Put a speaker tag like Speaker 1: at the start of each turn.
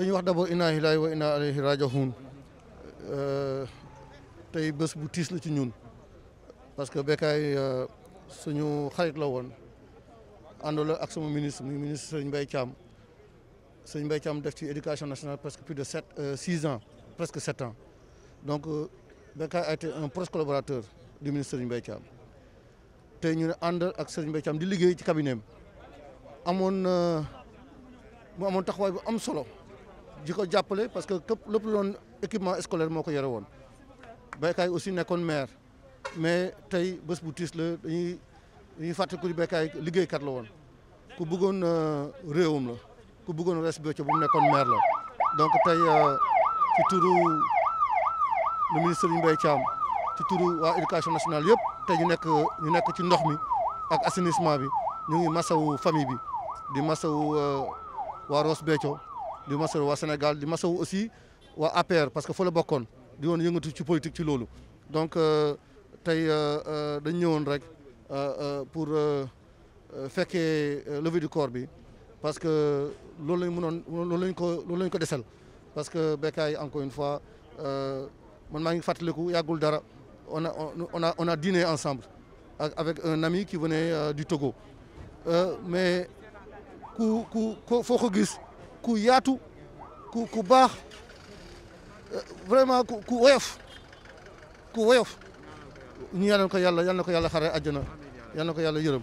Speaker 1: dañuy wax d'abord inna lillahi wa inna ilayhi raji'un euh, tey bés bu tiis la ci ñun parce que Bécaye euh, suñu xarit la woon àndoon ak sama ministre muy ministre Serigne Mbaye Thiam Serigne Mbaye Thiam def ci éducation nationale presque plus de sept euh, six ans presque sept ans donc Bécaye a été un proche collaborateur di ministre ñu Mbaye Thiam tey ñu ne ànd ak Serigne Mbaye Thiam di liggéey ci cabinet amoon mu amoon taxawaay bu am solo di ko jàppale parce que képp lépp loon équipement scolaire moo ko yore woon Bécaye aussi nekkoon maire mais tey bés bu tiis la dañuy dañuy fàttaliku ni Bécaye liggéeykat la woon ku bëggoon euh, réewam la ku bëggoon respecté bu mu nekkoon maire la donc tey euh, ci turu le ministre Serigne Mbaye Thiam ci turu waa éducation nationale yëpp tey ñu nekk ñu nekk ci ndox mi ak assainissement bi ñu ngi masawu famille bi di masawu euh, waa Ross Béthio du masawu au Sénégal di masawu aussi waa APR parce que fa la bokkoon di woon yëngatu ci politique ci loolu donc euh, tey euh, euh, dañ ñëwoon rek pour fekkee lever du corps bi parce que loolu lañ mënoon loolu ko loolu ko desal parce que Bekay, encore une fois man maa ngi fàttaliku yàggul dara on a on a on a dîné ensemble avec un ami qui venait du Togo Euh, mais ku ku foo ko gis. ku yaatu ku ku baax euh, vraiment ku ku woyof ku woyof ñu yàlla ko yàlla yàlla na ko yàlla xare àjjana yàlla na ko yàlla yërëm